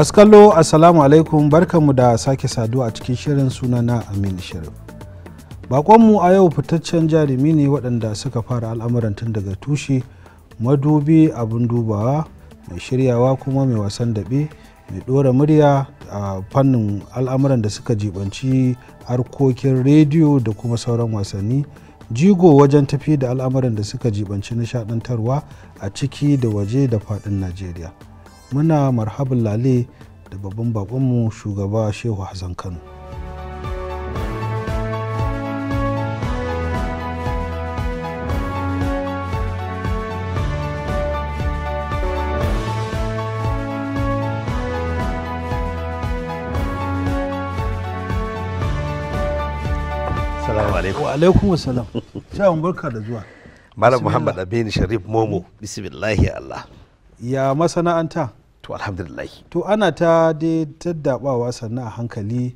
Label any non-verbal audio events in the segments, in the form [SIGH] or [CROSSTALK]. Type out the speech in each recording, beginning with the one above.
masu kallo assalamu alaikum barkanmu da sake saduwa a cikin shirin suna na amin sharif bakonmu a yau fitaccen jarumi ne waɗanda suka fara al'amuran tun daga tushe madubi abin dubawa mai shiryawa kuma mai wasan daɓe mai ɗora murya a fannin al'amuran da suka jibanci harkokin rediyo da kuma sauran wasanni jigo wajen tafi da al'amuran da suka jibanci nishaɗantarwa a ciki da waje da faɗin najeriya muna marhabin lale da babban bakonmu shugaba shehu hassan kano alaikum wasalam shawon barka da zuwa malam muhammad abin sharif momo bismillahi allah ya masana'anta to alhamdulillah to ana ta dai daddabawa sannan a hankali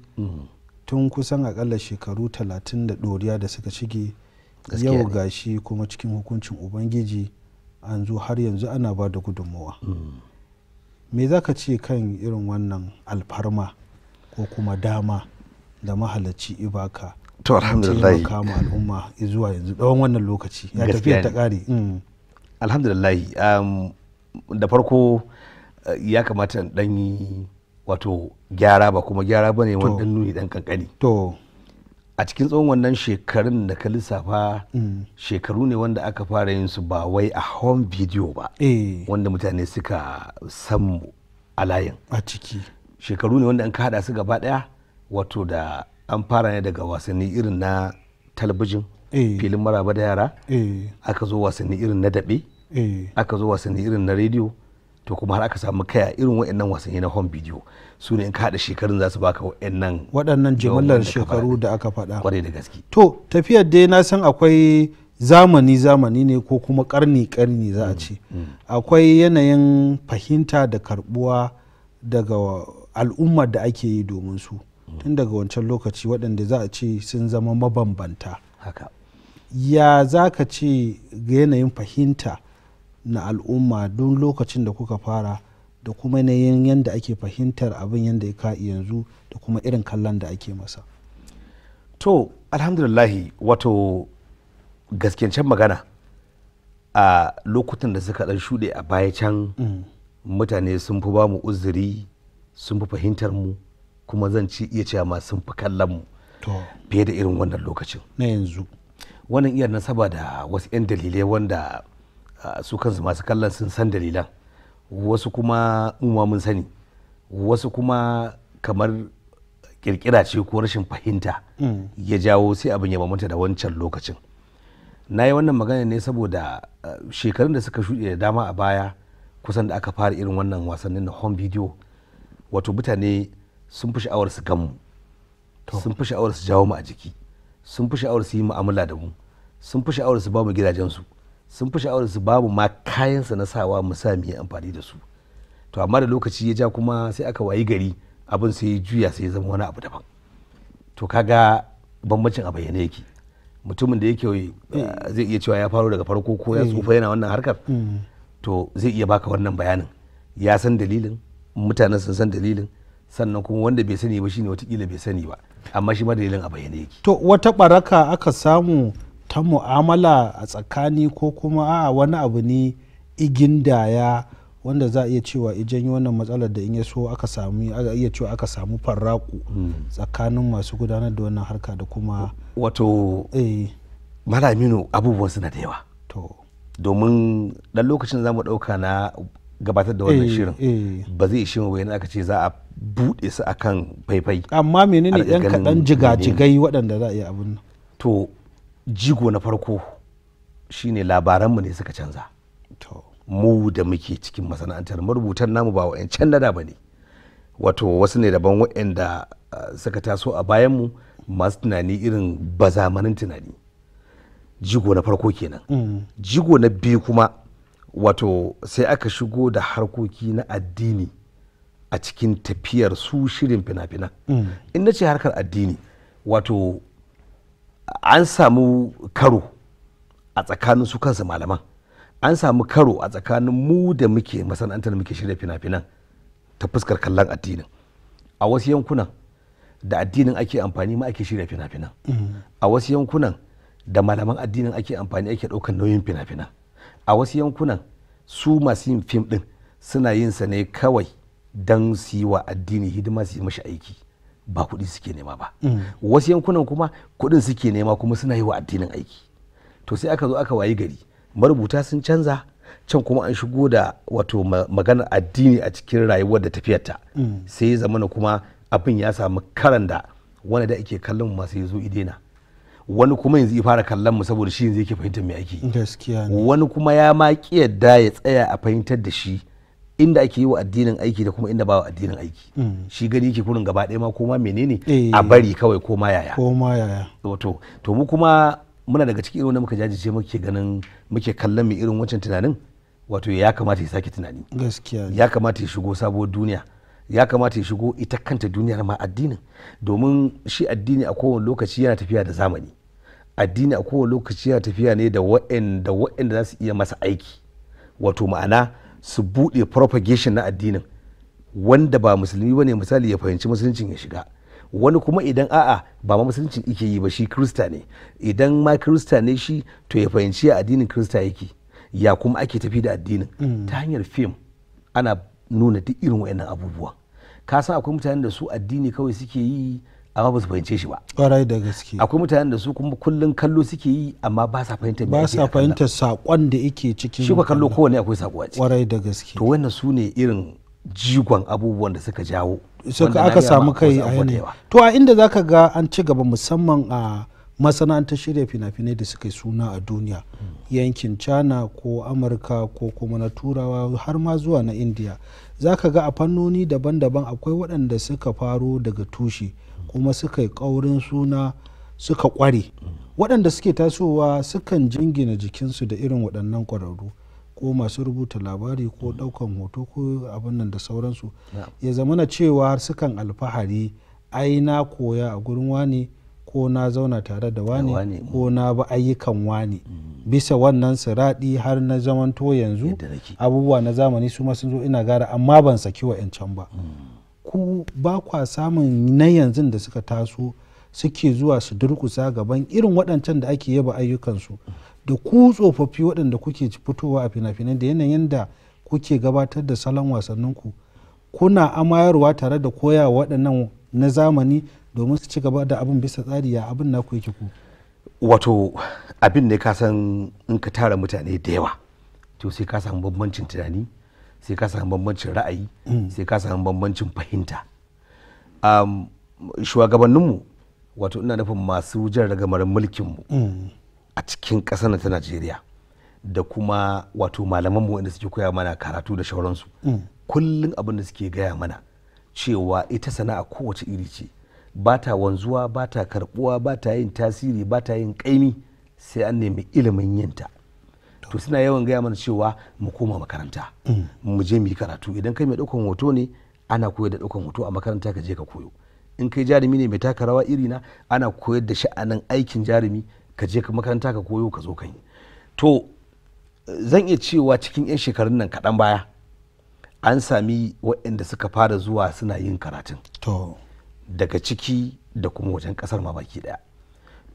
tun kusan akalla shekaru talatin da doriya da suka shige yau gashi kuma cikin hukuncin ubangiji an zo har yanzu ana ba da gudunmawa me za ka ce kan irin wannan alfarma ko kuma dama da mahalarci ibaka to alhamdulillah kama al'umma zuwa yanzu tsawon wannan lokaci ya tafiya ta kare mm. alhamdulillah um, da farko Eh, ya kamata dan yi wato gyara ba kuma gyara ba ne wani nuni dan kankani to a cikin tsawon wannan shekarun da ka lissafa mm. shekaru ne wanda aka fara yin su ba wai a home video ba eh. wanda mutane suka san a layin a ciki shekaru ne wanda an kada su gaba daya wato da an fara ne daga wasanni irin na talabijin eh. filin maraba da yara aka zo wasanni irin na daɓe aka zo wasanni irin na rediyo to kuma har aka samu kaya irin waɗannan wasanni na home video su ne in ka haɗa shekarun za su baka wa'annan waɗannan jimillar shekaru da aka faɗa kwarai da gaske to tafiyar dai na san akwai zamani zamani ne ko kuma karni karni za a mm, ce mm. akwai yanayin fahimta da karbuwa daga al'ummar da ake yi domin su mm. tun daga wancan lokaci waɗanda za a ce sun zama mabambanta ya za ka ce ga yanayin fahimta na al'umma don lokacin da kuka fara da kuma yanayin yadda ake fahimtar abin yadda ya ka'i yanzu da kuma irin kallon da ake masa to alhamdulillahi wato gaskiyancen magana a lokutan da suka dan shuɗe a baya can mm. mutane sun fi ba mu uzuri sun fi fahimtar mu kuma zan ci iya cewa ma sun fi kallon mu fiye da irin wannan lokacin na yanzu wannan iya nasaba da wasu 'yan dalilai wanda su kansu masu kallon sun san dalilan wasu kuma umma mun sani wasu kuma kamar kirkira ce ko rashin fahimta mm. ya jawo sai abin ya mamanta da wancan lokacin na yi wannan magana ne saboda uh, shekarun da suka shuɗe da dama a baya kusan da aka fara irin wannan wasannin na home video wato mutane sun fi sha'awar su gan sun fi sha'awar su jawo mu a jiki sun fi sha'awar su yi mu'amala da mu sun fi sha'awar su ba mu gidajensu sun fi sha'awar su babu ma kayansa na sawa mu sa mu yi amfani da su to amma da lokaci ya ja kuma sai aka wayi gari abin sai ya juya sai ya zama wani abu daban to kaga bambancin a bayyane yake mutumin da yake eh, zai iya cewa ya faro daga farko ko ya eh. tsufa yana wannan harkar hmm. to zai iya baka wannan bayanin ya san dalilin mutanen sun san dalilin sannan kuma wanda bai sani ba shine watakila bai sani ba amma shi ma dalilin a bayyane yake to wata baraka aka samu ta mu'amala a tsakani ko kuma a wani abu ne igindaya wanda za a iya cewa yi wannan matsalar da in ya so aka samu a iya cewa aka samu farraku hmm. tsakanin masu gudanar da wannan harka da kuma wato eh. malaminu abubuwan suna da yawa to domin dan lokacin zamu dauka na gabatar da wannan eh, shirin eh. ba zai ishe mu aka ce za a bude su akan faifai amma menene yan kadan jigajigai waɗanda za a iya abun to jigo na farko shine mu ne suka canza mu da muke cikin masana'antar marubutan namu ba can nada ba ne wato wasu ne daban wa'anda ah, suka taso a bayanmu masu tunani irin bazamanin tunani jigo na farko kenan mm. jigo na biyu kuma wato sai aka shigo da harkoki na addini a cikin tafiyar su shirin fina-finan mm. in na ce harkar addini wato an samu karo a tsakanin su kansu malaman an samu karo a tsakanin mu da muke masana'antar muke shirya fina-finan ta fuskar kallon addinin a wasu yankunan da addinin ake amfani ma ake shirya fina-finan a wasu yankunan da malaman addinin ake amfani ake ɗaukan nauyin fina-finan a wasu yankunan su masu yin fim din suna yin sa ne kawai don su yi wa addini hidima su yi mashi aiki ba kuɗi suke nema ba mm. wasu yankunan kuma kuɗin suke nema kuma suna yi wa addinin aiki to sai aka zo aka wayi gari marubuta sun canza can kuma an shigo da wato maganar addini a cikin rayuwar da tafiyarta mm. sai ya zamana kuma abin ya samu karan da wani da ake kallon masu ya zo idena wani kuma yanzu ya fara kallon mu saboda shi yanzu yake fahimtar me ake wani kuma ya maki yadda ya tsaya a fahimtar da shi inda ake yi wa addinin aiki da kuma inda ba wa addinin aiki mm. shi gani yake kurin gaba ɗaya ma koma menene eh. a bari kawai koma yaya koma yaya to to mu kuma muna daga cikin irin muka jajirce muke ganin muke kallon mai irin wancan tunanin wato ya kamata ya sake tunani gaskiya ya kamata ya shigo sabuwar duniya ya kamata ya shigo ita kanta duniyar ma addinin domin shi addini a kowane lokaci yana tafiya da zamani addini a kowane lokaci yana tafiya ne da waɗanda waɗanda za su iya masa aiki wato ma'ana su buɗe propagation na addinin wanda ba musulmi bane misali ya fahimci musuluncin ya shiga wani kuma idan a'a ba ma musuluncin ike yi ba shi krista ne idan ma krista ne shi to ya fahimci addinin krista yake ya kuma ake tafi da addinin mm. ta hanyar fim ana nuna duk irin waɗannan abubuwa ka akwai mutanen da su addini kawai suke yi amma ba su fahimce shi ba ƙwarai da gaske akwai mutanen da su kuma kullun kallo suke yi amma ba sa fahimtar ba sa fahimtar saƙon da yake cikin shi ba kallo kowane akwai saƙo a ciki ƙwarai da gaske to wannan su ne irin jigon abubuwan da suka jawo suka aka samu kai a yanayi to a inda zaka ga an ci gaba musamman a masana'antar shirya fina-finai da suka yi suna a duniya yankin china ko amurka ko kuma na turawa har ma zuwa na india zaka ga a fannoni daban-daban akwai waɗanda suka faro daga tushe kuma suka yi ƙaurin suna suka ƙware waɗanda suke tasowa sukan jingina jikinsu da irin waɗannan kwararru ko masu rubuta labari ko ɗaukan hoto ko abin nan da sauransu ya zamana cewa sukan alfahari ai na koya a gurin wani ko na zauna tare da wani ko na ba ayyukan wani bisa wannan siraɗi har na zamanto yanzu abubuwa na zamani su sun zo ina gara amma ban saki wa 'yancan ba ku ba kwa samun na yanzu da suka taso suke zuwa su durkusa gaban irin waɗancan da ake yaba ayyukansu da ku tsofaffi waɗanda kuke fitowa a fina-finai da yanayin da kuke gabatar da salon wasanninku kuna amayarwa tare da koya waɗannan na zamani domin su ci gaba da abin bisa tsari ya abin na yake ku wato abin ne ka san in ka tara mutane da yawa to sai ka samu bambancin tunani sai ka samu bambancin ra'ayi mm. sai ka samu bambancin fahimta shugabanninmu wato ina nufin masu jan ragamar mulkinmu mm. a cikin ƙasar ta najeriya da kuma wato malamanmu inda suke koya mana karatu da shauransu mm. kullum abin da suke gaya mana cewa ita sana'a kowace iri ce ba ta wanzuwa ba ta karbuwa ba ta yin tasiri ba ta yin ƙaimi sai an nemi ilimin yinta to suna yawan gaya mana cewa mu koma makaranta mu je mu yi karatu idan kai mai ɗaukan hoto ne ana koyar da ɗaukan hoto a makaranta ka je ka koyo in kai jarumi ne mai taka rawa iri na ana koyar da sha'anin aikin jarumi ka je ka makaranta ka koyo ka zo ka yi to zan iya cewa cikin 'yan shekarun nan kaɗan baya an sami waɗanda suka fara zuwa suna yin karatun daga ciki da kuma wajen ƙasar ma baki ɗaya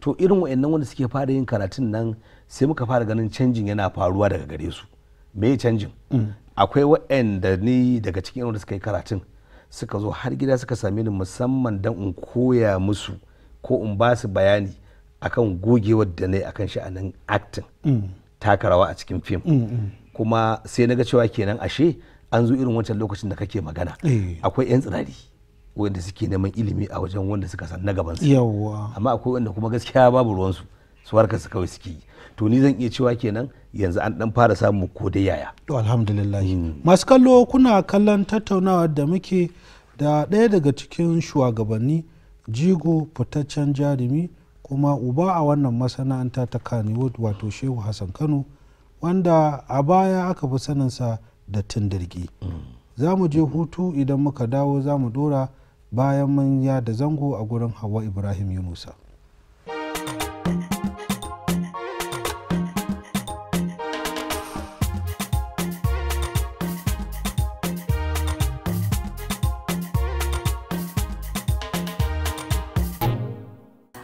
to irin wa'annan wanda suke fara yin karatun nan sai muka fara ganin canjin yana faruwa daga gare su me canjin mm. akwai wa'anda ni daga cikin wanda suka yi karatun suka zo har gida suka same ni musamman dan in koya musu ko in ba su bayani akan gogewar da na akan sha'anin actin mm. takarawa a cikin fim mm, kuma sai na ga cewa kenan ashe an zo irin wancan lokacin da kake magana eh. akwai 'yan tsirari wanda suke neman ilimi a wajen wanda suka san na gaban su yawwa amma akwai wanda kuma gaskiya babu ruwan su su su kawai suke yi to ni zan iya cewa kenan yanzu an dan fara samu ko dai yaya to alhamdulillah hmm. masu kallo kuna kallon tattaunawa da muke da ɗaya daga cikin shugabanni jigo fitaccen jarumi kuma uba a wannan masana'anta ta kanewood wato shehu hassan kano wanda a baya aka fi saninsa da tindirgi hmm. za mu je hutu idan muka dawo za mu dora bayan mun da zango a gurin hawa ibrahim yunusa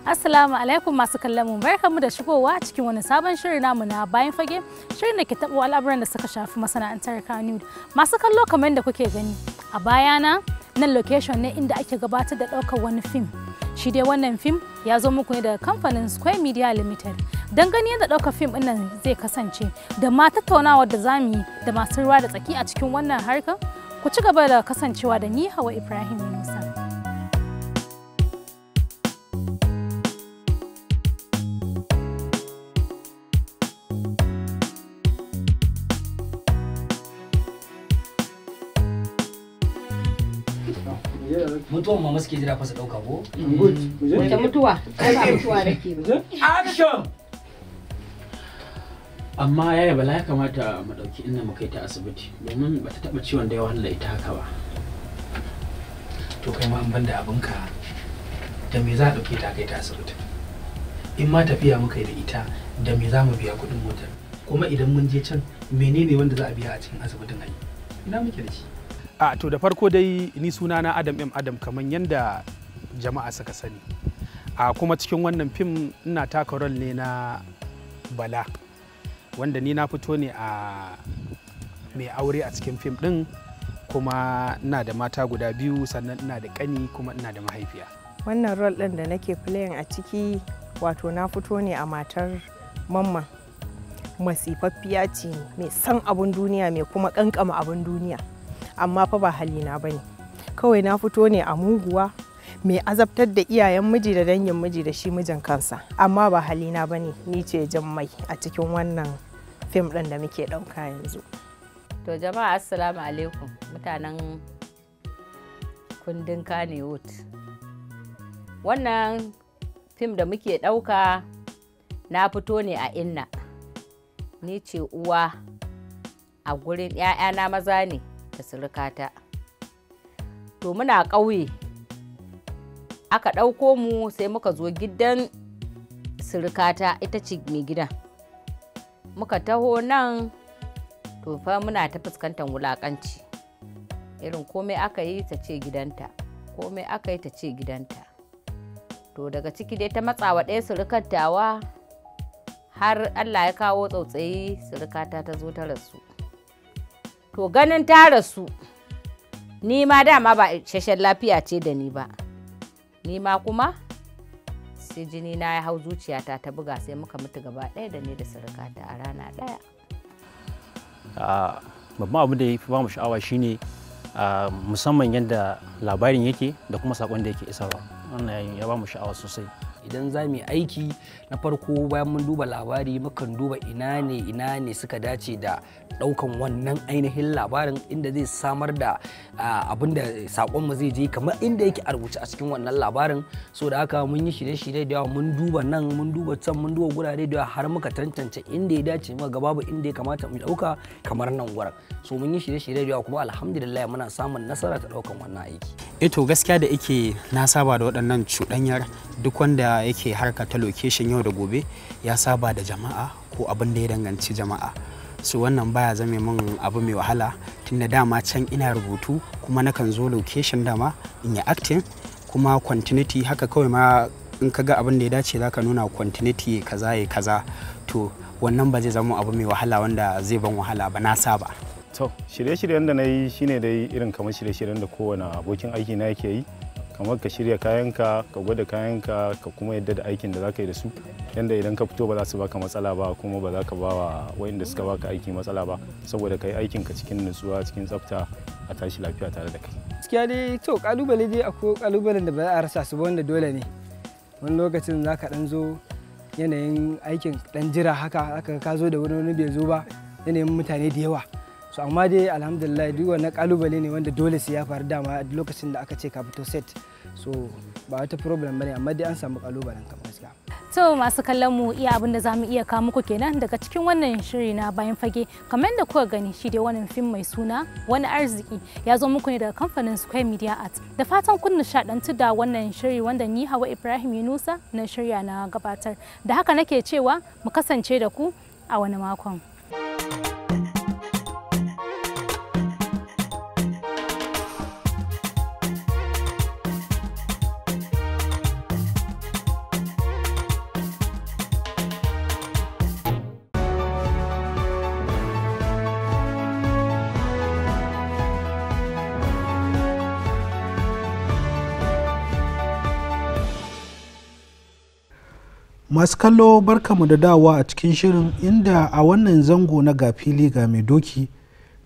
Assalamu alaikum masu kallon mu barkamu da shigowa cikin wani sabon shirin namu na bayan fage shirin da ke tabo al'amuran da suka shafi masana'antar Kano. Masu kallo kamar da kuke gani a bayana nan location ne inda ake gabatar da ɗaukar wani fim shi dai wannan fim ya zo muku ne daga kamfanin square media limited don gani yadda ɗaukar fim ɗin zai kasance da ma tattaunawar da zamu yi da masu ruwa da tsaki a cikin wannan harkan ku ci gaba da kasancewa da ni hawa ibrahim musa mutuwan mama suke jira fasa ɗauka ko? Wata mutuwa, wata mutuwa da ke Action! Amma yaya bala ya kamata mu ɗauki inna mu kai ta asibiti domin ba ta taɓa ciwon da ya wahala ita haka ba. To kai ma ban da abinka da me za a ɗauke ta kai ta asibiti. In ma tafiya muka yi da ita da me za mu biya kuɗin motar. Kuma idan mun je can menene wanda za a biya a cikin asibitin ai? Ina muke da shi. a to da farko dai ni sunana adam m adam kamar yadda jama'a suka sani a kuma cikin wannan fim ina taka rol ne na bala wanda ni na fito ne a mai aure a cikin fim ɗin kuma ina da mata guda biyu sannan ina da ƙani kuma ina da mahaifiya wannan rol ɗin da nake playing a ciki wato na fito ne a matar mamman masifaffiya ce mai san abun duniya mai kuma kankama abun duniya amma fa ba halina ba ne kawai na fito ne a muguwa mai azabtar da iyayen miji da dangin miji da shi mijin kansa amma ba halina ba ne ni ce jammai a cikin wannan fim ɗin da muke ɗauka yanzu to jama'a assalamu alaikum mutanen kundin kanewood wannan fim da muke ɗauka na fito ne a inna ni ce uwa a gurin 'ya'yana maza ne da ta. to muna ƙauye aka ɗauko mu sai muka zo gidan surukata ita ce mai gidan muka taho nan to fa muna ta fuskantar wulaƙanci irin komai aka yi ta ce gidanta komai aka yi ta ce gidanta to daga ciki dai ta matsawa ɗaya sirikantawa har allah ya kawo tsautsayi sirikata ta zo ta rasu to ganin ta rasu ni ma dama ba isasshen lafiya ce da ni ba ni ma kuma sai jini na ya hau zuciyata ta buga sai muka mutu gaba ɗaya da ni da sarakata a rana ɗaya babban abu da ya fi bamu sha'awa shine musamman yadda labarin yake da kuma sakon da yake isarwa wannan ya bamu sha'awa sosai idan za mu aiki na farko bayan mun duba labari mukan duba ina ne ina ne suka dace da daukan wannan ainihin labarin inda zai samar da abin da sakonmu zai je kamar inda yake a rubuce a cikin wannan labarin so da haka mun yi shirye-shirye da yawa mun duba nan mun duba can mun duba gurare da yawa har muka tantance inda ya dace muka ga babu inda ya kamata mu dauka kamar nan gurin so mun yi shirye-shirye da yawa kuma alhamdulillah muna samun nasara ta daukan wannan aiki eh to gaskiya da yake na saba da waɗannan cuɗanyar duk wanda yake harka ta location yau da gobe ya saba da jama'a ko abin da ya danganci jama'a su wannan baya zame min abu mai wahala tun da dama can ina rubutu kuma nakan zo location dama in yi acting kuma continuity haka kawai ma in ka ga abin da ya dace za ka nuna continuity kaza ya kaza to wannan ba zai zama abu mai wahala wanda zai ban wahala ba na saba to shirye-shiryen da na yi shine dai irin kamar shirye-shiryen da kowane abokin aiki na yake yi kamar ka shirya kayanka ka gwada kayanka ka kuma yadda da aikin da za ka yi da su yadda idan ka fito ba za su baka matsala ba kuma ba za ka ba wa waɗanda suka baka aiki matsala ba saboda ka yi aikin ka cikin nutsuwa cikin tsafta a tashi lafiya tare da kai gaskiya dai to kalubale dai akwai kalubalen da ba za a rasa su ba wanda dole ne wani lokacin za ka dan zo yanayin aikin dan jira haka ka ka zo da wani wani bai zo ba yanayin mutane da yawa so amma dai alhamdulillah duk wannan kalubale ne wanda dole sai ya faru dama lokacin da aka ce ka fito set so ba wata problem bane amma dai an samu kalubalen kamar gaskiya to masu kallon mu iya abin da zamu iya kawo muku kenan daga cikin wannan shiri na bayan fage kamar da kuka gani shi dai wannan fim mai suna wani arziki ya zo muku ne daga kamfanin Square Media Art da fatan kun nishadantu da wannan shiri wanda ni Hawa Ibrahim Yunusa na shirya na gabatar da haka nake cewa mu kasance da ku a wani makon. masu kallo barka mu da dawa a cikin shirin inda a wannan zango na ga ga mai doki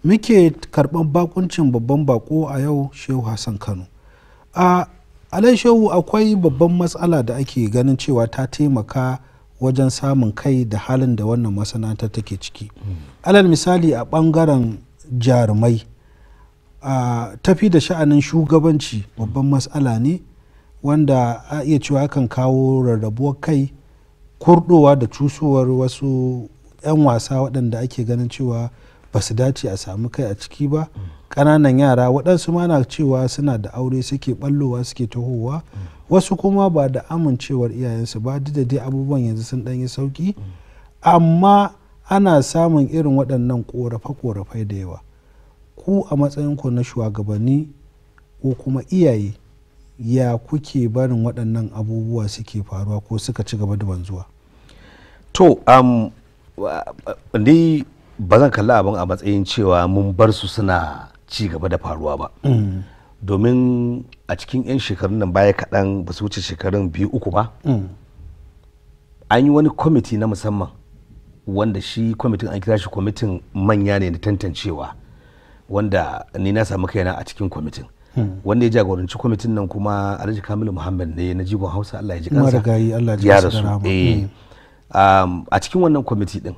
muke karban bakuncin babban bako a yau shehu hassan kano a alai shehu akwai babban matsala da ake ganin cewa ta taimaka wajen samun kai da halin da wannan masana'anta take ciki hmm. alal misali a bangaren jarumai a tafi da sha'anin shugabanci babban matsala ne wanda a iya cewa kan kawo rarrabuwar kai kurdowa da cusowar wasu 'yan wasa waɗanda ake ganin cewa ba su dace a samu kai a ciki ba ƙananan yara waɗansu mana cewa suna da aure suke ɓallowa suke tahowa wasu kuma ba da amincewar iyayensu ba duk da dai abubuwan yanzu sun ɗanyi sauƙi amma ana samun irin waɗannan ƙorafe-ƙorafai da yawa ku a matsayinku na shugabanni ko kuma iyaye ya kuke barin waɗannan abubuwa suke faruwa ko suka ci gaba da wanzuwa to um, ni ba zan kalla abin a matsayin cewa mun bar su suna ci gaba da faruwa ba mm. domin a cikin 'yan shekarun nan baya kaɗan ba su wuce shekarun biyu uku ba mm. an yi wani kwamiti na musamman wanda shi kwamitin an kira shi kwamitin manya ne na tantancewa wanda ni na samu kaina a cikin kwamitin wanda ya jagoranci kwamitin nan kuma alhaji kamilu muhammad ne na jigon hausa allah ya ji kansa rasu eh. hmm. a cikin wannan kwamiti din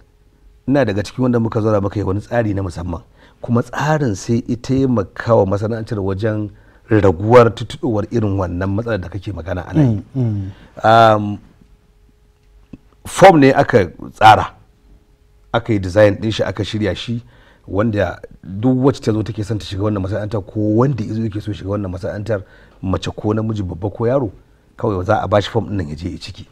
ina daga cikin wanda muka zaura muka yi wani tsari na musamman kuma tsarin sai ita yi makawa masana'antar wajen raguwar tutudowar irin wannan matsalar da kake magana a nan hmm, hmm. form ne aka tsara aka yi design din shi aka shirya shi wanda duk wacce ta zo take son ta shiga wannan masana'antar ko wanda ya zo yake so shiga wannan masana'antar mace ko namiji babba ko yaro kawai za a bashi fom ɗin ya je ya ciki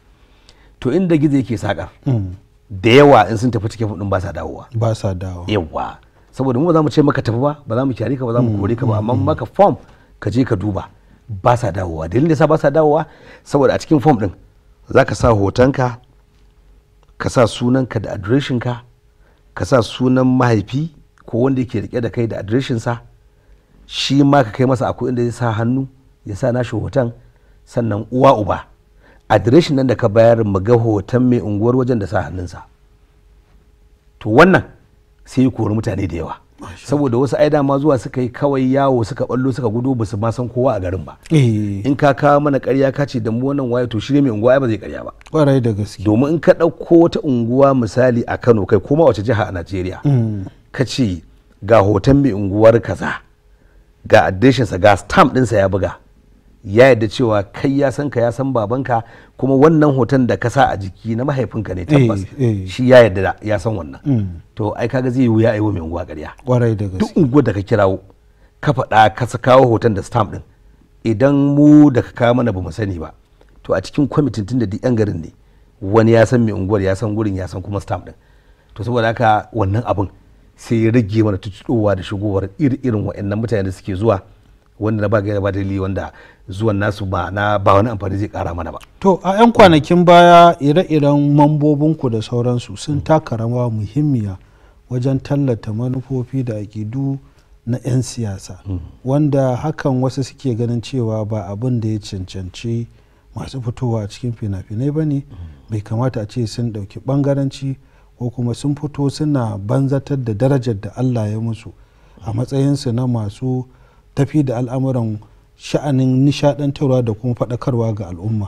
to inda gizo yake sakar mm. da yawa in sun tafi cikin fudin ba sa dawowa ba sa dawowa yawa saboda mu ba za mu ce maka tafi ba ba za mu kyare ka ba za mu mm, kore ka ba mm, amma maka fom ka je ka duba ba sa dawowa dalilin da sa ba sa dawowa saboda a cikin fom din za ka sa hotonka ka sa sunanka da adireshinka ka sa sunan mahaifi ko wanda yake rike da kai da adireshinsa shi ma ka kai masa akwai inda ya sa hannu ya sa nashi hoton sannan uwa uba adireshin nan da ka bayar mu ga hoton mai unguwar wajen da sa hannunsa to wannan sai ya kori mutane da yawa saboda wasu ai dama zuwa suka yi kawai yawo suka ballo suka gudu ba su ma san kowa a garin ba eh. in ka kawo mana karya ka ce da mu wannan waye to shi mai unguwa ba zai karya ba kwarai da gaske domin in ka ɗauko wata unguwa misali a Kano kai koma wace jiha a Najeriya mm. ka ce ga hoton mai unguwar kaza ga sa ga stamp dinsa ya buga ya yadda cewa kai ya san ka ya san babanka kuma wannan hoton da ka sa a jiki na mahaifinka ne tabbas eh, eh. shi ya yadda ya san wannan mm. to ai kaga zai wuya ai mai unguwa gariya duk unguwar da ka kirawo ka faɗa ka kawo hoton da stamp din idan mu da ka kawo mana bamu sani ba to a cikin kwamitin tun da duk yan garin ne wani ya san mai unguwar ya san gurin ya san kuma stamp din to saboda haka wannan abin sai ya rage mana tuttuɗowa da shigowar irin wa'annan mutane da suke zuwa wanda na ba gaira ba dalili wanda zuwan nasu ba na ba wani amfani zai kara mana ba to a 'yan kwanakin baya ire-iren mambobinku da sauransu sun mm. taka rawa muhimmiya wajen tallata manufofi da aƙidu na 'yan siyasa mm. wanda hakan wasu suke ganin cewa ba abin da ya cancanci masu fitowa a cikin fina-finai ba ne mm. bai kamata a ce sun ɗauki ɓangaranci ko kuma sun fito suna banzatar da darajar da allah ya musu a matsayinsu na masu tafi da al'amuran sha'anin nishadantarwa da kuma faɗakarwa ga al'umma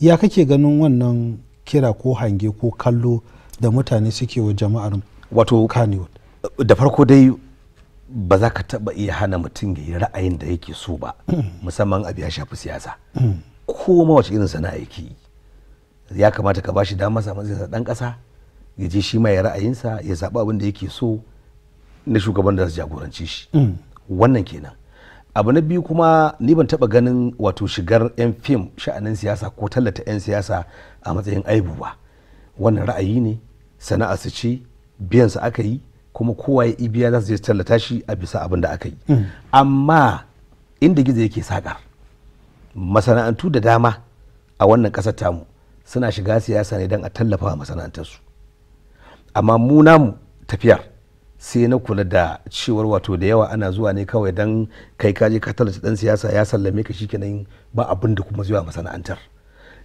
ya kake ganin wannan kira ko hange ko kallo da mutane suke wa jama'ar wato da farko dai ba za ka taba iya hana mutum ya yi ra'ayin da yake so ba musamman abu ya shafi siyasa ko ma irin sana'a yake ya kamata ka bashi dama samun zai dan ƙasa. ya je shi ma ya ra'ayinsa ya zaɓi abin da yake so na shugaban da su jagoranci shi mm. wannan kenan abu na biyu kuma ni ban taɓa ganin wato shigar 'yan fim sha'anin siyasa ko tallata 'yan siyasa a matsayin aibu ba wannan ra'ayi ne sana'a su ce biyan su aka yi kuma kowa ya ibiya za su je tallata shi a bisa abin da aka yi mm. amma inda gizo yake sakar masana'antu da dama a wannan ƙasar tamu suna shiga siyasa ne don a tallafa masana'antar masana'antarsu amma mu namu tafiyar sai na kula da cewar wato da yawa ana zuwa ne kawai don kai kaji ka talace dan siyasa ya sallame ka shi kenan ba abin da kuma zuwa masana'antar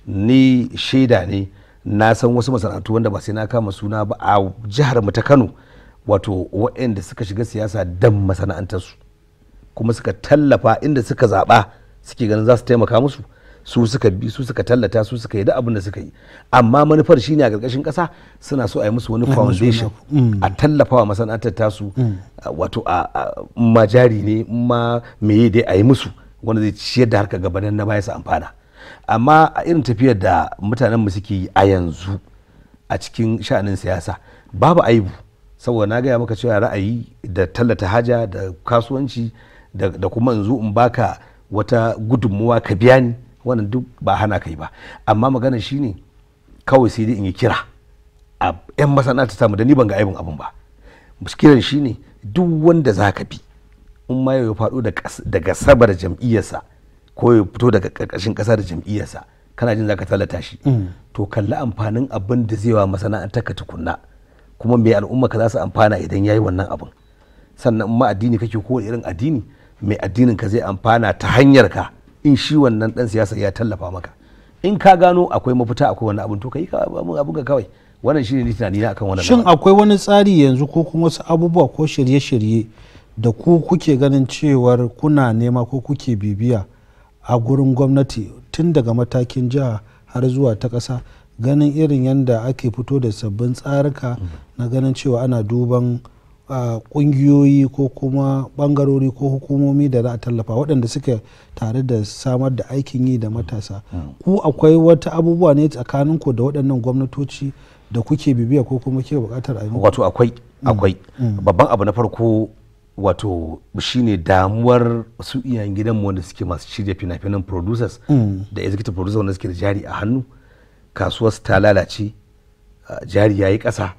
ni shaida ne na san wasu masana'antu wanda ba sai na kama suna ba a jihar mu ta Kano wato waɗanda suka shiga siyasa dan su kuma suka tallafa inda suka zaɓa suke ganin za su taimaka musu su suka bi su suka tallata su suka yi da abin da suka yi amma manufar shine a ƙarƙashin ƙasa suna so a yi musu wani foundation mm. a tallafawa masana'antar tasu mm. wato a majari ne ma meye dai a yi musu wanda zai ciyar da harka gabanin na baya su amfana amma a irin tafiyar da mutanen mu suke yi a yanzu a cikin sha'anin siyasa babu aibu saboda na gaya maka cewa ra'ayi da tallata haja da kasuwanci da kuma yanzu in baka wata gudunmuwa ka biya ni wannan duk ba hana kai ba amma magana shine kawai sai dai in yi kira a 'yan masana'anta samu da ni ban ga aibin abin ba kiran shine duk wanda za ka bi in ma ya faɗo daga sabar jam'iyyarsa ko ya fito daga ƙarƙashin ƙasa da jam'iyyarsa kana jin za ka tallata shi mm. to kalli amfanin abin da zai wa masana'antar ka tukunna kuma mai al'umma ka za su amfana idan ya yi wannan abin sannan in ma addini kake ko irin addini mai addinin ka zai amfana ta hanyar ka in shi wannan dan siyasa ya tallafa maka in ka gano akwai mafita akwai wani abun to kai abun ka kawai wannan shine ni tunani na akan wannan shin akwai wani tsari yanzu ko kuma wasu abubuwa ko shirye-shirye da ku kuke ganin cewar kuna nema ko kuke bibiya a gurin gwamnati tun daga matakin jiha har zuwa ta ƙasa ganin irin yadda ake fito da sabbin tsarika mm. na ganin cewa ana duban kungiyoyi ko kuma bangarori ko hukumomi da za a tallafa waɗanda suka tare da samar da aikin yi da matasa mm. ku akwai wata abubuwa ne tsakanin ku da waɗannan gwamnatoci da kuke bibiya ko kuma ke buƙatar ainihin wato akwai mm. akwai mm. babban abu na farko wato shine damuwar su iyayen gidanmu wanda suke masu shirya fina-finan producers da executive producers wanda suke da jari a hannu kasuwar ta lalace jari yayi yi ƙasa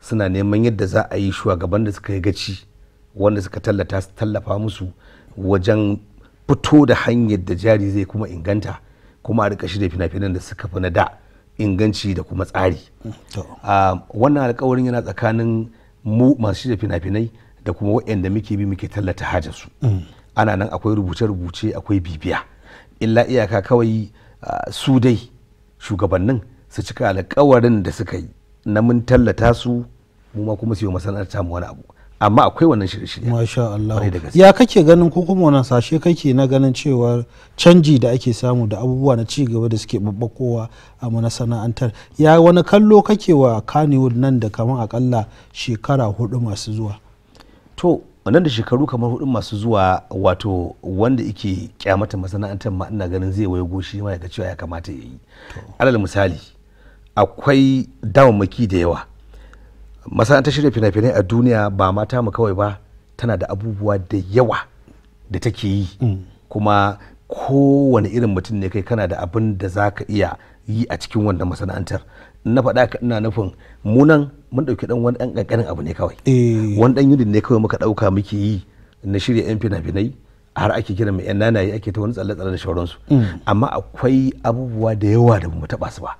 suna neman yadda za a yi shugaban da suka yi gaci wanda suka tallata su tallafa musu wajen fito da hanyar da jari zai kuma inganta kuma a rika shirya fina-finan da suka fi na da inganci da kuma tsari wannan alkawarin yana tsakanin mu masu shirya fina-finai da kuma waɗanda muke bi muke tallata hajarsu mm. ana nan akwai rubuce-rubuce akwai bibiya illa iyaka kawai su dai shugabannin su cika alkawarin da suka yi na mun tallata su mu ma kuma su yi masana'anta mu wani abu amma akwai wannan shirye-shirye masha Allah ya kake ganin ko kuma wannan sashe kake na ganin cewa canji da ake samu da abubuwa na ci gaba da suke babbakowa a masana'antar ya wani kallo kake wa Kannywood nan da kamar akalla shekara hudu masu zuwa to nan da shekaru kamar hudu masu zuwa wato wanda yake kyamata masana'antar ma ina ganin zai wayo goshi ma ya ga cewa ya kamata ya yi alal misali akwai damammaki da yawa ta shirya fina-finai a duniya ba mata mu kawai ba tana da abubuwa da yawa da take yi mm. kuma kowane irin mutum ne kai kana da abin da za ka iya yi a cikin wannan masana'antar na faɗa ina nufin munan mun ɗauki ɗan wani ɗan ƙanƙanin abu ne kawai eh. wani ɗan yudin ne kawai muka ɗauka muke yi na shirya 'yan fina-finai har ake kiran mai 'yan nanaye ake ta wani tsalle-tsalle da shawararsu mm. amma akwai abubuwa da yawa da mu taɓa su ba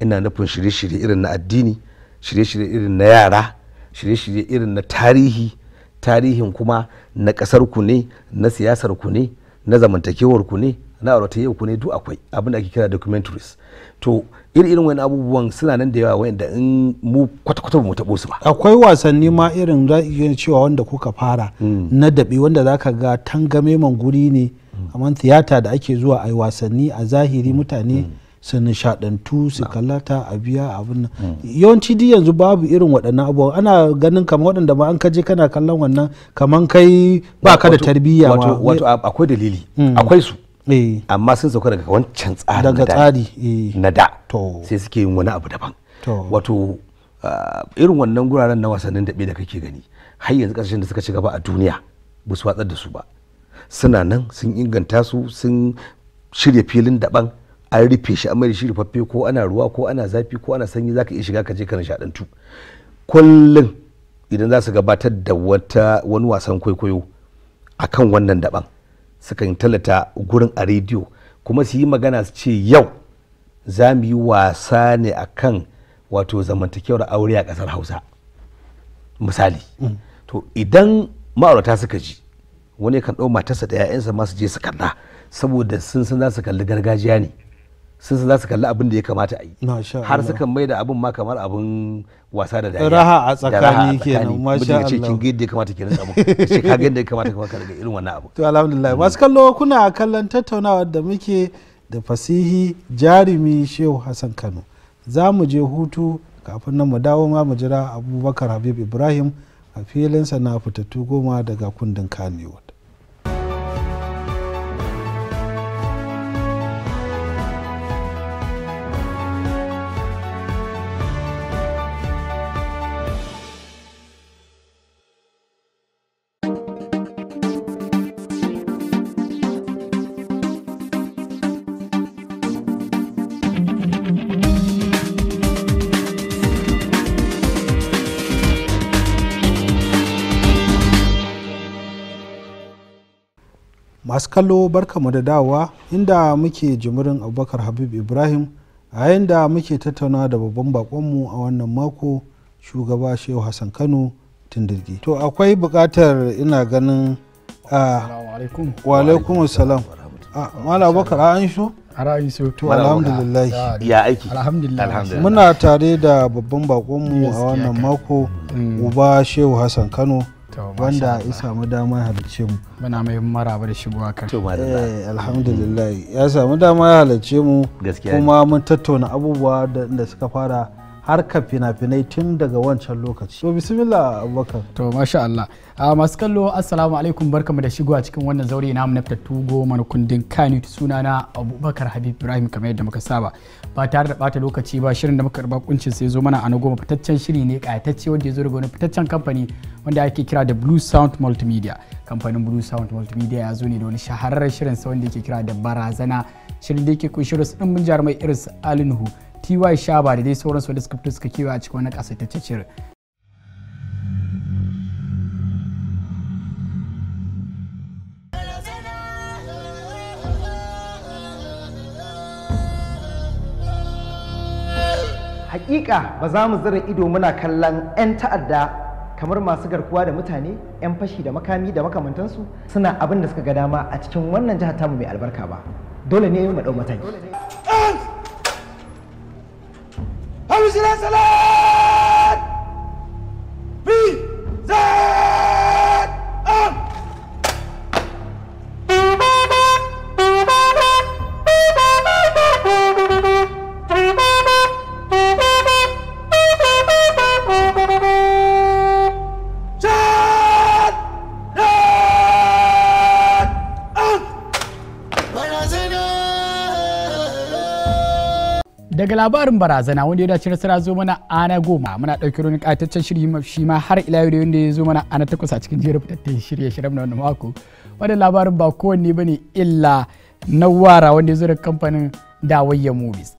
ina nufin shirye-shirye irin na addini shirye-shirye irin na yara shirye-shirye irin na tarihi tarihin kuma na ƙasar ku ne na siyasar ku ne na zamantakewar ku ne na auratayyar ku ne duk akwai abin ake kira documentaries to irin irin wani abubuwan suna nan da yawa wanda in mu kwata-kwata mu taɓo su ba akwai wasanni ma irin za iya cewa wanda kuka fara mm. na daɓe wanda za ka ga tangame man guri ne mm. amma tiyata da ake zuwa a wasanni a zahiri mm. mutane su nishadantu su kallata a biya abin nan hmm. yawanci duk yanzu babu irin waɗannan abubuwa ana ganin kamar waɗanda ba an kaje kana kallon wannan kaman kai ba ka da tarbiyya wato wato akwai dalili hmm. akwai su eh. amma sun sauka daga wancan tsari daga tsari na da eh. sai suke yin wani abu daban wato irin wannan guraren na wasannin daɓe da kake gani har yanzu ƙasashen da suka ci gaba a duniya ba su watsar da su ba suna nan sun inganta su sun shirya filin daban an rufe shi amma shi rufaffe ko ana ruwa ko ana zafi ko ana sanyi zaka iya shiga ka je ka nishadantu kullum idan za su gabatar da wata wani wasan kwaikwayo a kan wannan daban sukan talata gurin a rediyo kuma su yi magana su ce yau za mu yi wasa ne a kan wato zamantakewar aure a ƙasar hausa misali mm. to idan ma'aurata suka ji wani kan ɗau matarsa da 'ya'yansa masu je su kalla saboda sun san za su kalli gargajiya ne sun za su kalli abin da ya kamata a yi har sukan mai da abin ma kamar abin wasa da dariya raha a tsakani kenan masha Allah mutum ya ce kin ga yadda ya kamata kenan abu ce ka ga yadda ya kamata ka daga irin wannan abu to alhamdulillah masu kallo kuna kallon tattaunawar da muke da fasihi jarumi Shehu Hassan Kano za mu je hutu kafin nan mu dawo ma mu jira Abubakar Habib Ibrahim a filinsa na fitattu goma daga kundin Kanewa masu kallo barkamu da dawowa inda muke jimirin abubakar habib ibrahim a yayin da muke tattauna da babban bakonmu a wannan mako shugaba shehu hassan kano tindirgi to akwai buƙatar ina ganin wa salam mala abubakar a an shi alhamdulillah ya aiki alhamdulillah muna tare da babban bakonmu a wannan mako mm. uba shehu hassan kano wanda ya samu dama halarce mu muna mai maraba da shigowa kan eh alhamdulillah ya samu dama ya halarce mu kuma mun tattauna abubuwa da suka fara harka fina-finai tun daga wancan lokaci to bismillah abubakar to masha Allah ah, masu kallo assalamu alaikum barkamu da shigowa cikin wannan zaure na mu na fitattu goma na kundin kani sunana abubakar habib ibrahim kamar yadda muka saba ba tare da bata lokaci ba shirin da muka karba kuncin sai zo mana a na goma fitaccen shiri ne kayatacce wanda ya zo daga wani fitaccen kamfani wanda ake kira da Blue Sound Multimedia kamfanin Blue Sound Multimedia ya zo ne da wani shahararren shirin sa wanda yake kira da barazana shirin da yake kunshi da su mun jarumai irin su Alinhu TY Shaba da dai sauransu wanda suka fito suka kewa a cikin wani ta shirin hakika ba za mu zira ido muna kallon 'yan ta'adda kamar masu garkuwa da mutane 'yan fashi da makami da makamantansu suna abin da suka ga dama a cikin wannan jihar tamu mai albarka ba dole ne mu ɗau mataki. daga labarin barazana wanda ya dace nasara zo mana ana goma muna ɗauki wani ƙataccen shiri shi ma har ila yau wanda ya zo mana ana takwas a cikin jerin fitattun shirye shirye na wani mako wanda labarin ba kowanne ba ne illa na wara wanda ya zo da kamfanin dawayya movies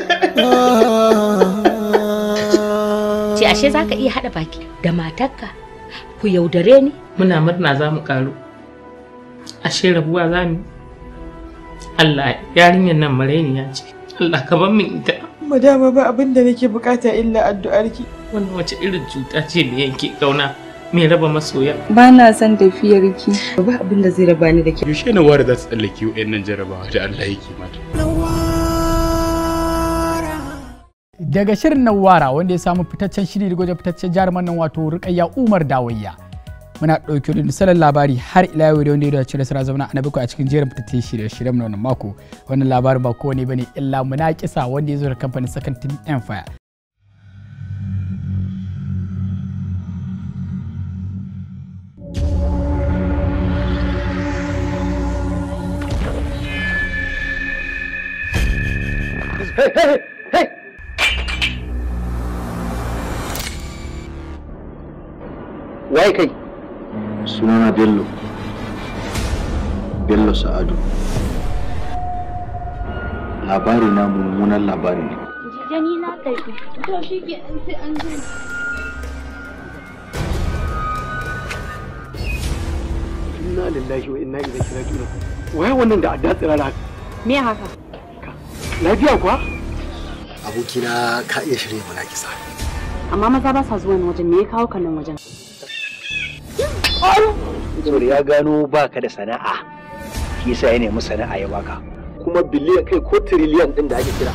[LAUGHS] Ah! [LAUGHS] ashe za ka iya haɗa baki da matarka ku yaudare ni muna murna za mu ƙaru ashe rabuwa za mu Allah yarinyar nan ya ce Allah ka bar min ita madama ba abin da nake bukata illa addu'arki wannan wace irin cuta ce da yanke kauna me raba masoya ba na son tafiyarki ba abin da zai raba ni da ke yaushe na ware za su tsallake wa'annan jarabawa da Allah yake mata daga shirin nawara wanda ya samu fitaccen shiri daga wajen fitaccen jaruman nan wato rukayya umar dawayya muna ɗauki da misalin labari har ila yau da wanda ya dace da sura zauna a bakwai a cikin jerin fitattun shirye shirye na wannan mako wannan labarin ba kowane bane illa muna kisa wanda ya zo da kamfanin second team empire Hey, hey, hey! waye kai sunana bello bello sa'adu labari na mummunan labari ne jani na karfi to shi ke an sai an zo inna lillahi wa inna ilaihi raji'un waye wannan da adda tsirara me haka lafiya kuwa abokina ka iya shirya mana kisa amma maza ba sa zuwa wajen me ya kawo ka nan wajen saboda ya gano baka da sana'a shi yasa ya nemi sana'a ya baka kuma biliyan kai ko tiriliyan din da ake kira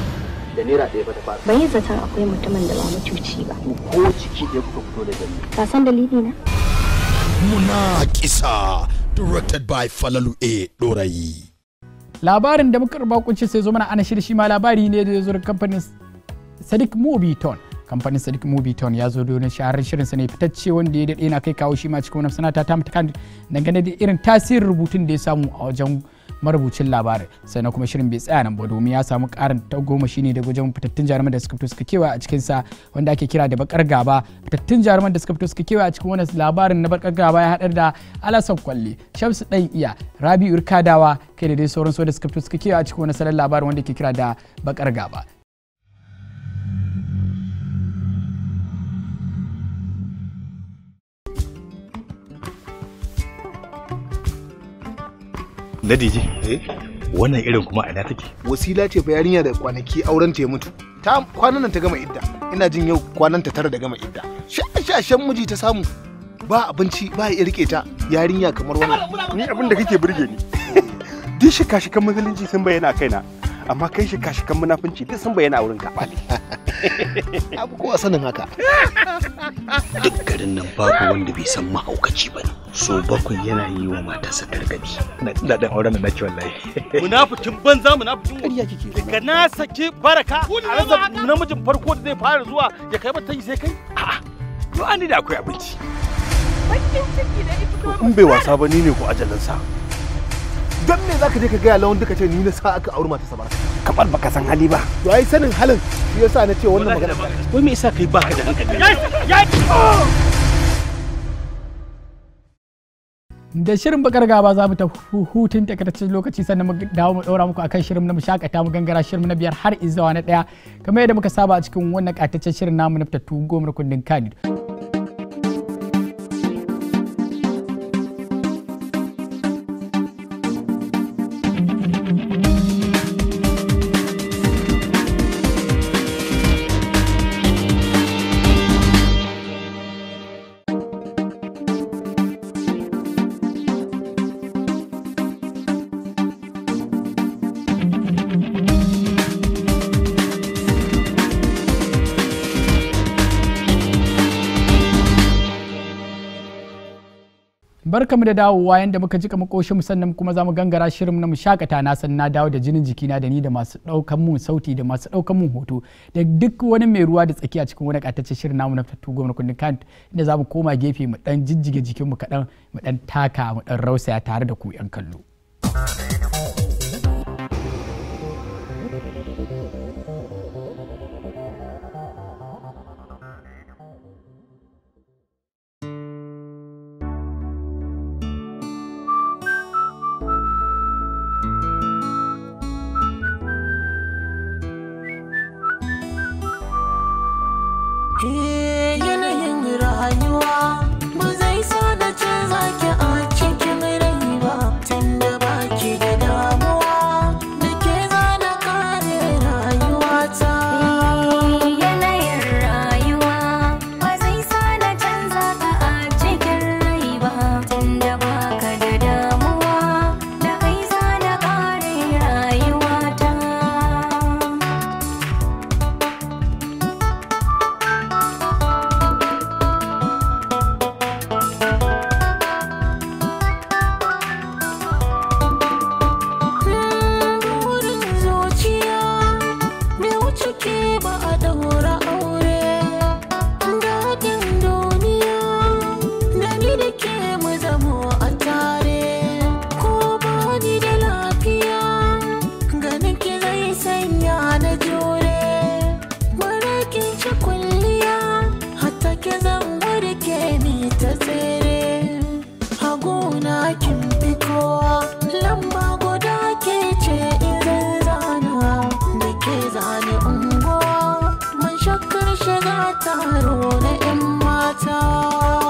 da naira ɗaya ba ta faru. Ban yi zaton akwai mutumin da ba mutuci ba. Ko ciki ɗaya kuka fito da gani. Ka san dalili na? Muna kisa directed by Falalu A Dorayi. Labarin da muka rubakunci sai zo mana ana shirshi ma labari ne da ya zo kamfanin Sadiq Mobiton. kamfanin sadiq movie town ya zo don shahararren shirin sa ne fitacce wanda ya daɗe na kai kawo shi ma cikin wani sanata ta mutakan dangane da irin tasirin rubutun da ya samu a wajen marubucin labarin sannan kuma shirin bai tsaya nan ba domin ya samu karin ta goma shine da wajen fitattun jaruman da suka fito suka kewa a cikin sa wanda ake kira da bakar gaba fitattun jaruman da suka fito suka kewa a cikin wani labarin na bakar gaba ya hadar da alasan kwalle shamsu dan iya rabi'u kadawa kai da dai sauran su da suka fito suka kewa a cikin wani salon labarin wanda ke kira da bakar gaba na eh? wannan irin kuma a ina take wasila ce fa yarinya da kwanaki auren ta ya mutu ta kwanan nan ta gama idda ina jin yau kwanan ta tara da gama idda shashashen miji ta samu ba abinci ba ya rike ta yarinya kamar wannan ni abin da kake burge ni oh. duk kashi kan musulunci sun bayyana kaina amma kai shi kashi kan munafunci duk sun bayyana a wurin ka bali [LAUGHS] abu kowa sanin haka duk garin nan babu wanda bai san mahaukaci ba so bakwai yana yi wa matarsa gargadi na dan auren na ci wallahi [LAUGHS] munafikin banza munafikin ƙarya kike daga na saki baraka a namijin farko da zai fara zuwa ya kai mata yi sai kai a'a yo an da akwai abinci in bai wasa ba ni ne ko ajalansa don me ka je ka gaya lawan duka ce ni na sa aka auri matarsa ba kamar baka san hali ba to ai sanin halin shi yasa na ce wannan magana wai me yasa kai baka da hankali da shirin bakar gaba za mu ta hutun takaitaccen lokaci sannan mu dawo mu daura muku akan shirin na mu shakata mu gangara shirin na biyar har izuwa na daya kamar yadda muka saba a cikin wannan kataccen shirin namu na fitattu goma kundin kani barkamu da dawowa yadda muka jika makoshin sannan kuma za mu gangara shirin na mu shakata na san na dawo da jinin jikina da ni da masu daukan mun sauti da masu daukan mun hoto da duk wani mai ruwa da tsakiya cikin wani katacce shirin namu na fitattu gwamna kundin kan inda mu koma gefe mu dan jijjige jikin mu kadan mu dan taka mu dan rausaya tare da ku yan kallo shiga taro na 'yan mata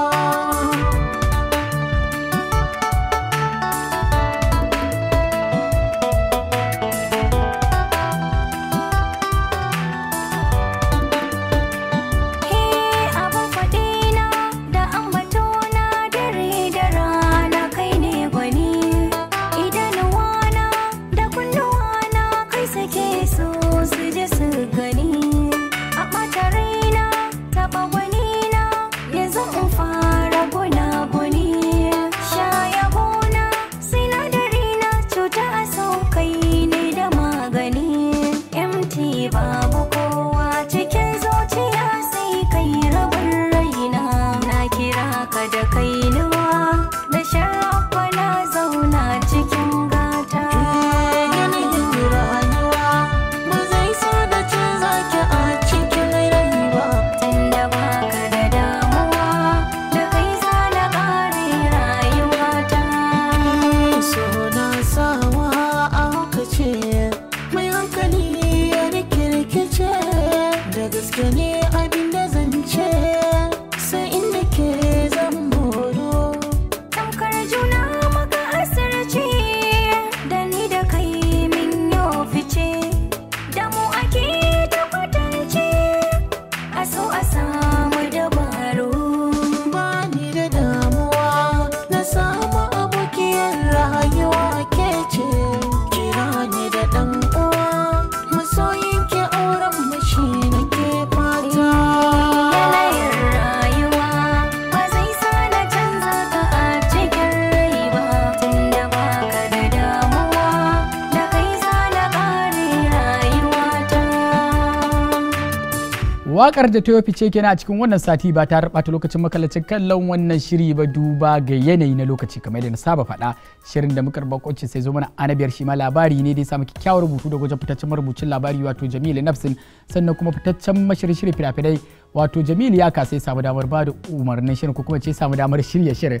wakar da ta ce kenan a cikin wannan sati ba ta rabata lokacin makalacin kallon wannan shiri ba duba ga yanayi na lokaci kamar yadda na saba faɗa shirin da muka kwanci sai zo mana anabiyar shi ma labari ne da ya samu kyakkyawar rubutu da wajen fitaccen marubucin labari wato Jamilu Nafsin sannan kuma fitaccen mashirin shirin fina-finai wato Jamilu ya kasa ya samu damar ba da umarnin shirin ko kuma ce samu damar shirya shirin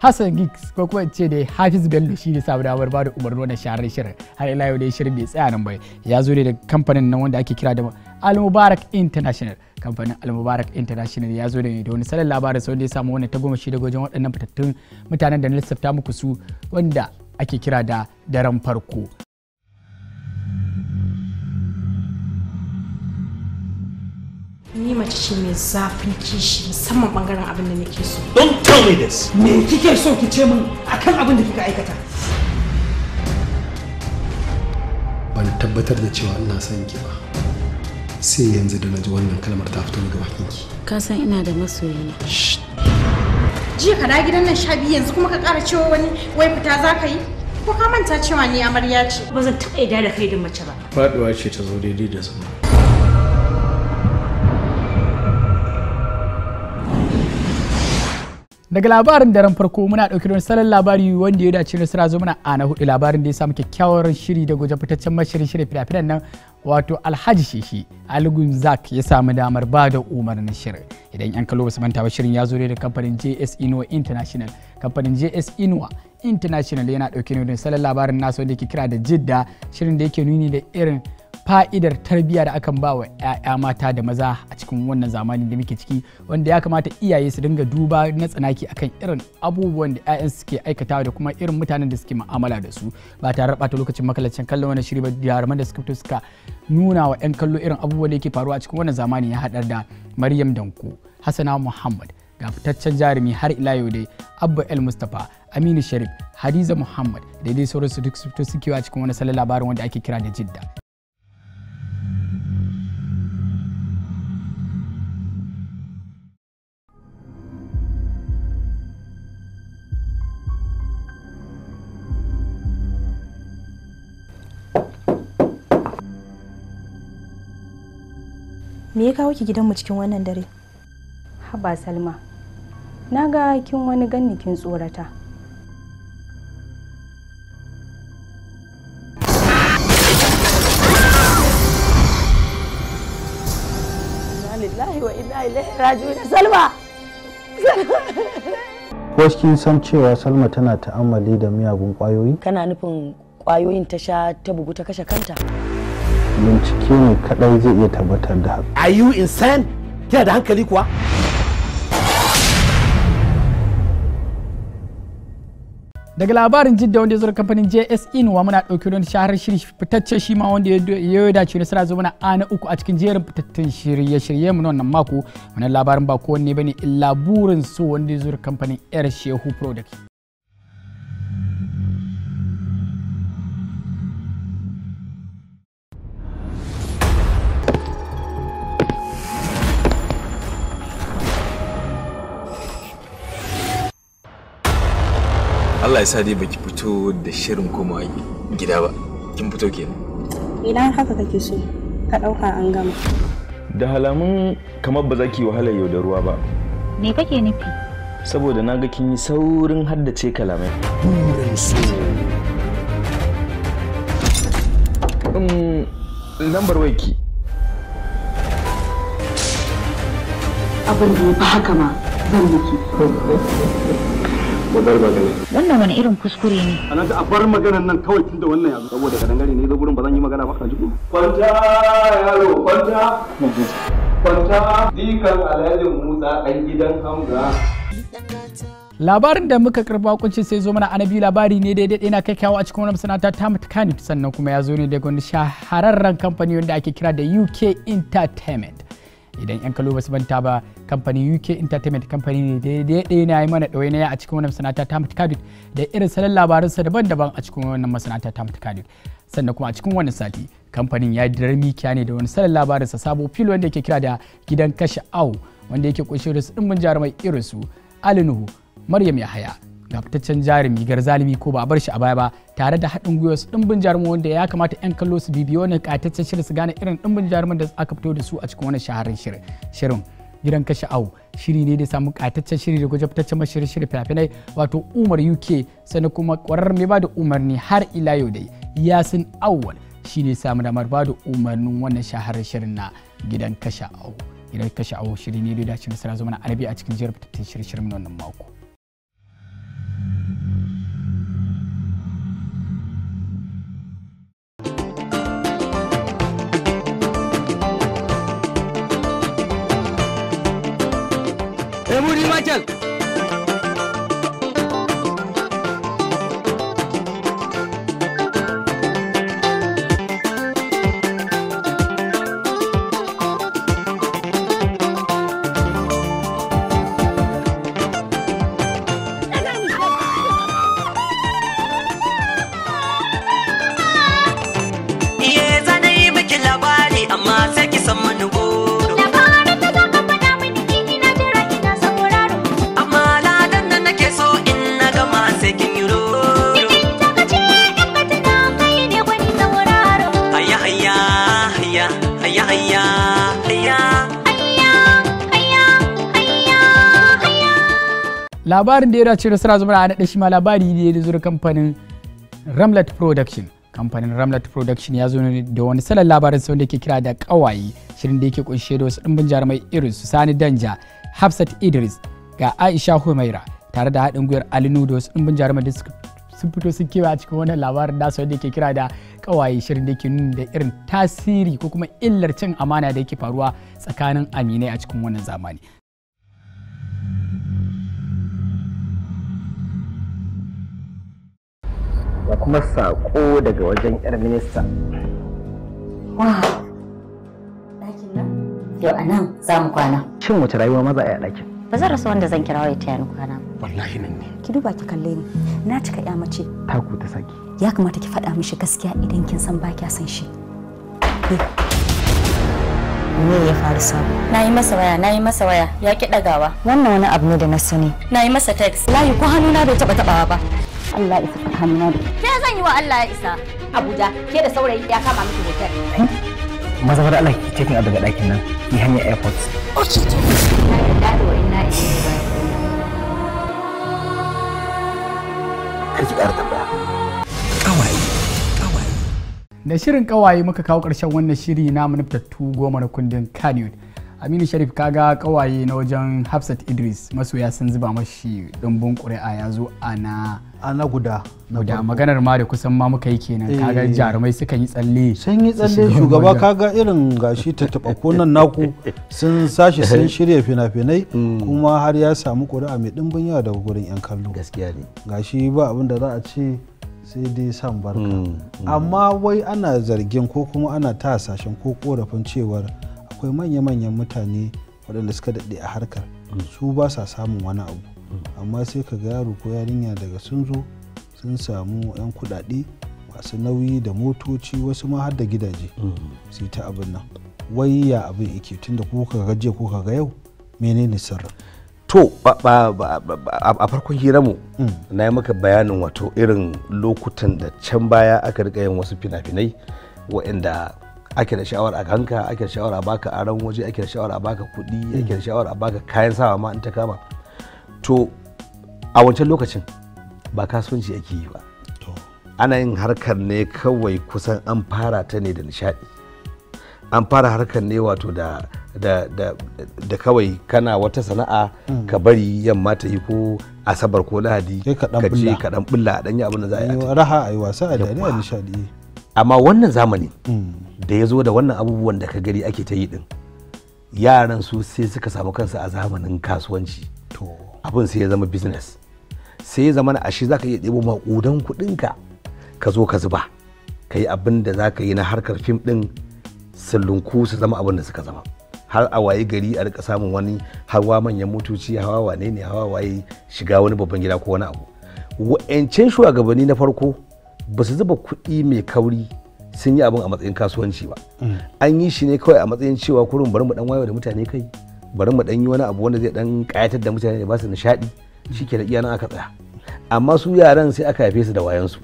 Hassan Giggs ko kuma ce da Hafiz Bello shi ne samu damar ba da umarnin wannan shirin har ila yau dai shirin bai tsaya nan ba ya zo ne da kamfanin nan wanda ake kira da al-mubarak international kamfanin al-mubarak international ya zo da ne da wani salon labarin sau da ya samu wani shi daga wajen waɗannan fitattun mutanen da na lissafta muku su wanda ake kira da daren farko ni mace ce mai zafin kishi musamman bangaren abin da nake so don't tell me this me kike so ki ce min akan abin da kika aikata ban tabbatar da cewa ina son ki ba sai yanzu da naji wannan kalmar ta fito daga bakinki ka san ina da masoyi jiya ka da gidan nan sha biyu yanzu kuma ka ƙara cewa wani wai fita za ka yi ko ka manta cewa ni amarya ce ba zan taɓa yarda da kai da mace ba faɗuwa ce ta zo daidai da zama daga labarin daren farko muna ɗauki don salon labari wanda ya dace nasara zo muna a na hudu labarin da ya samu kyakkyawar shiri da guje fitaccen mashirin shirin fidafidan nan wato alhaji shishi algun zak ya samu damar ba da umarnin shirin idan yan kallo basu manta ba shirin ya zo da kamfanin js inuwa international kamfanin js inuwa international yana dauke ne don salon labarin nasu wanda yake kira da jidda shirin da yake nuni da irin fa'idar tarbiyya da akan ba wa 'ya'ya mata da maza a cikin wannan zamani da muke ciki wanda ya kamata iyaye su dinga duba na tsanaki akan irin abubuwan da 'ya'yan suke aikatawa da kuma irin mutanen da suke ma'amala da su ba tare da ɓata lokacin makalacin kallon wannan shiri ba jaruman da suka suka nuna wa 'yan kallo irin abubuwan da yake faruwa a cikin wannan zamani ya haɗar da maryam danko hassana muhammad ga fitaccen jarumi har ila yau dai abba el mustapha aminu sharif hadiza muhammad da dai sauransu duk su fito suke a cikin wani salon labarin wanda ake kira da jidda me ya kawo ki gidanmu cikin wannan dare haba salma na ga kin wani ganni kin tsorata Salma! [LAUGHS] kin san cewa Salma tana ta'ammali da miyagun kwayoyi? Kana nufin kwayoyin ta sha ta bugu ta kashe kanta? bincike ne kadai zai iya tabbatar da haka are you insane kina da hankali kuwa daga labarin jidda wanda ya zo kamfanin JSE wa muna dauke don shaharar shiri fitacce shi ma wanda ya yi dace nasara zo mana a na uku a cikin jerin fitattun shirye-shirye mu wannan mako wannan labarin ba kowanne bane illa burin su wanda ya zo kamfanin Air Shehu Product Allah ya sa dai baki fito da shirin koma gida ba kin fito ke idan haka kake so ka ɗauka an gama da halamun kamar ba za ki wahala yau da ruwa ba me kake nufi saboda na ga kin yi saurin haddace kalamai um, lambar waiki abin da ya fi haka ma zan miki kodar ba magana wannan wani irin kuskure ne anan ta a bar maganar nan kawai tun da wannan yanzu saboda kadan dangare ne zo gurin ba zan yi magana ba kan jigo kwanta yaro kwanta kwanta dikan alhaji musa dan gidan hamza labarin da muka karba kunci sai zo mana anabi labari ne daidai yana kai kyawu a cikin wani masana'anta ta matakanif sannan kuma ya zo ne daga wani shahararren kamfani wanda ake kira da uk entertainment idan yan kallo basu banta ba kamfanin uk entertainment kamfani ne daidai na yi mana ɗawainiya a cikin wannan masana'anta ta mutkadut da irin salon labaransa daban-daban a cikin wannan masana'anta ta mutkadut sannan kuma a cikin wannan sati kamfanin ya dirar mikiya ne da wani salon labarinsa sabo filo wanda yake kira da gidan kashe au wanda yake kunshi da su ɗimbin jarumai irinsu alinuhu maryam yahaya ga fitaccen jarumi garzalimi ko ba a bar shi a baya ba tare da haɗin gwiwa su ɗimbin jarumin wanda ya kamata 'yan kallo su bibiyo na ƙataccen shirin su gane irin ɗimbin jarumin da aka fito da su a cikin wani shaharin shirin gidan kashe au shiri ne da samu ƙataccen shiri da gwajabtaccen mashirin shirin fafinai finai wato umar uk sannan kuma ƙwarar mai ba da umarni har ila yau dai yasin awwal shi ne samu damar ba da umarnin wannan shaharar shirin na gidan kashe au gidan kashe au shiri ne da dace nasara zama na arabi a cikin jihar fitattun shirin wannan mako. Mabudi Machal. labarin da ya dace da sura zumura a naɗa shi ma labari ne da kamfanin ramlet production kamfanin ramlet production ya zo da wani salon labarin sa da ke kira da kawaye shirin da yake kunshe da wasu ɗimbin jarumai irin su sani danja hafsat idris ga aisha humaira tare da haɗin gwiwar alinu da wasu ɗimbin jarumai da sun fito sun kewa a cikin wannan labarin nasu wanda ke kira da kawaye shirin da ke nuna da irin tasiri ko kuma illar cin amana da yake faruwa tsakanin aminai a cikin wannan zamani. da kuma saƙo daga wajen 'yar minista. ɗakin nan? Yau a nan za mu kwana. Shin wace rayuwa maza a ɗakin? Ba zan rasa wanda zan kira ya taya ni kwana. Wallahi nan ne. Ki duba ki kalle ni. Na cika ya mace. Taku ta saki. Ya kamata ki faɗa mishi gaskiya idan kin san ba kya san shi. me ya faru sabo na yi masa waya na yi masa waya ya ki ɗagawa wannan wani abu ne da na sani na yi masa text layi ko hannuna bai taɓa taɓawa ba Allah isa tsakanina da ke zan yi wa Allah ya isa Abuja ke da saurayi ya kama miki hotel maza Allah ki cikin daga ɗakin nan ki hanyar airport ce ce na da ƙawaye da shirin ƙawaye muka kawo ƙarshen wannan shiri na manufar goma na kundin canyon. aminu sharif kaga kawaye na wajen hafsat idris masoya sun zuba mashi ɗumbin ƙuri'a ya zo ana ana guda na guda maganar ma da kusan ma muka yi kenan kaga eh. jarumai suka yi tsalle sun yi tsalle shugaba kaga irin gashi ta ko nan naku sun sashi sun [LAUGHS] shirya fina-finai mm. kuma har ya samu ƙuri'a mai ɗumbin yawa daga gurin yan kallo gaskiya ne gashi ba abin da za a ce sai dai san barka mm, mm. amma wai ana zargin ko kuma ana ta hasashen ko korafin cewar akwai manya-manyan mutane waɗanda suka daɗe a harkar mm. su ba sa samun wani abu mm. amma sai ka ga yaro ko yarinya daga sun zo sun samu 'yan kuɗaɗe masu nauyi da motoci wasu ma har da gidaje mm. su ta abin nan wai ya abin yake tunda ko ka jiya ko ka ga yau menene sirrin to a farkon mu na yi maka bayanin wato irin lokutan da can baya aka rika yin wasu fina-finai waɗanda ake da shawar a ganka ake da shawar a baka aron waje ake da shawar a baka kudi mm. ake da shawar a baka kayan sawa ma in ta kama to a wancan lokacin ba kasuwanci ake yi ba ana yin harkar ne kawai kusan an fara ta ne da nishadi an fara harkar ne wato da da, da, da kawai kana wata sana'a mm. ka bari yamma ta yi ko asabar ko lahadi ka ce ka dan bulla dan yi abin da za a yi raha a yi wasa a a nishadi amma wannan zamani mm. da ya zo da wannan abubuwan da ka gari ake ta yi din yaran su sai suka samu kansu a zamanin kasuwanci abin sai ya zama business sai ya zama ashe za ka iya ɗebo maƙudan kuɗinka ka zo ka zuba ka yi abin da za ka yi na harkar fim ɗin sallunku su zama abin da suka zama har a waye gari a rika samun wani hawa manyan motoci hawa wane ne hawa waye shiga wani babban gida ko wani abu wa'ancan shugabanni na farko ba su zuba kuɗi mai kauri sun yi abin a matsayin kasuwanci ba an yi shi ne kawai a matsayin cewa kurin bari mu dan wayo da mutane kai bari mu dan yi wani abu wanda zai dan kayatar da mutane da ba su nishadi ke da iya nan aka tsaya amma su yaran sai aka haife su da wayansu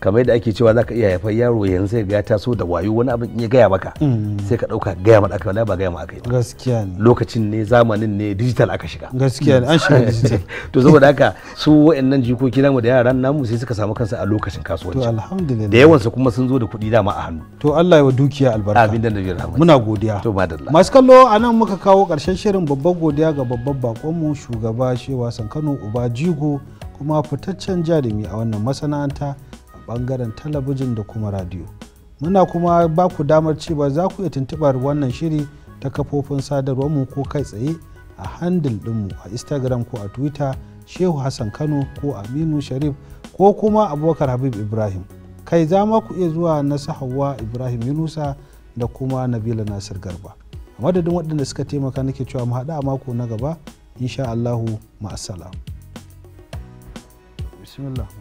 kamar yadda ake cewa zaka iya haifar yaro yanzu sai ya taso da wayo wani abin ya gaya maka mm. sai ka dauka gaya maka wala ba gaya maka ba gaskiya ne lokacin ne zamanin ne digital aka shiga gaskiya ne an shiga digital [LAUGHS] to saboda haka su wayannan jikoki namu da yaran namu sai suka samu kansu a lokacin kasuwanci to alhamdulillah da yawan su kuma sun zo da kuɗi dama a hannu to Allah ya wa dukiya albarka amin da nabi rahmat muna godiya to madalla masu kallo anan muka kawo karshen shirin babban godiya ga babban bakon mu shugaba Shewa Sankano Uba Jigo kuma fitaccen jarumi a wannan masana'anta bangaren talabijin da kuma radiyo muna kuma ba ku damar cewa za ku iya tuntubar wannan shiri ta kafofin mu ko kai tsaye a handil dinmu a instagram ko a twitter shehu hassan kano ko aminu sharif ko kuma abubakar habib ibrahim kai za ma ku iya zuwa na sahawa ibrahim yunusa da kuma nabila nasir garba a madadin waɗanda suka taimaka nake cewa mu haɗu a mako na gaba insha allahu ma'asala bismillah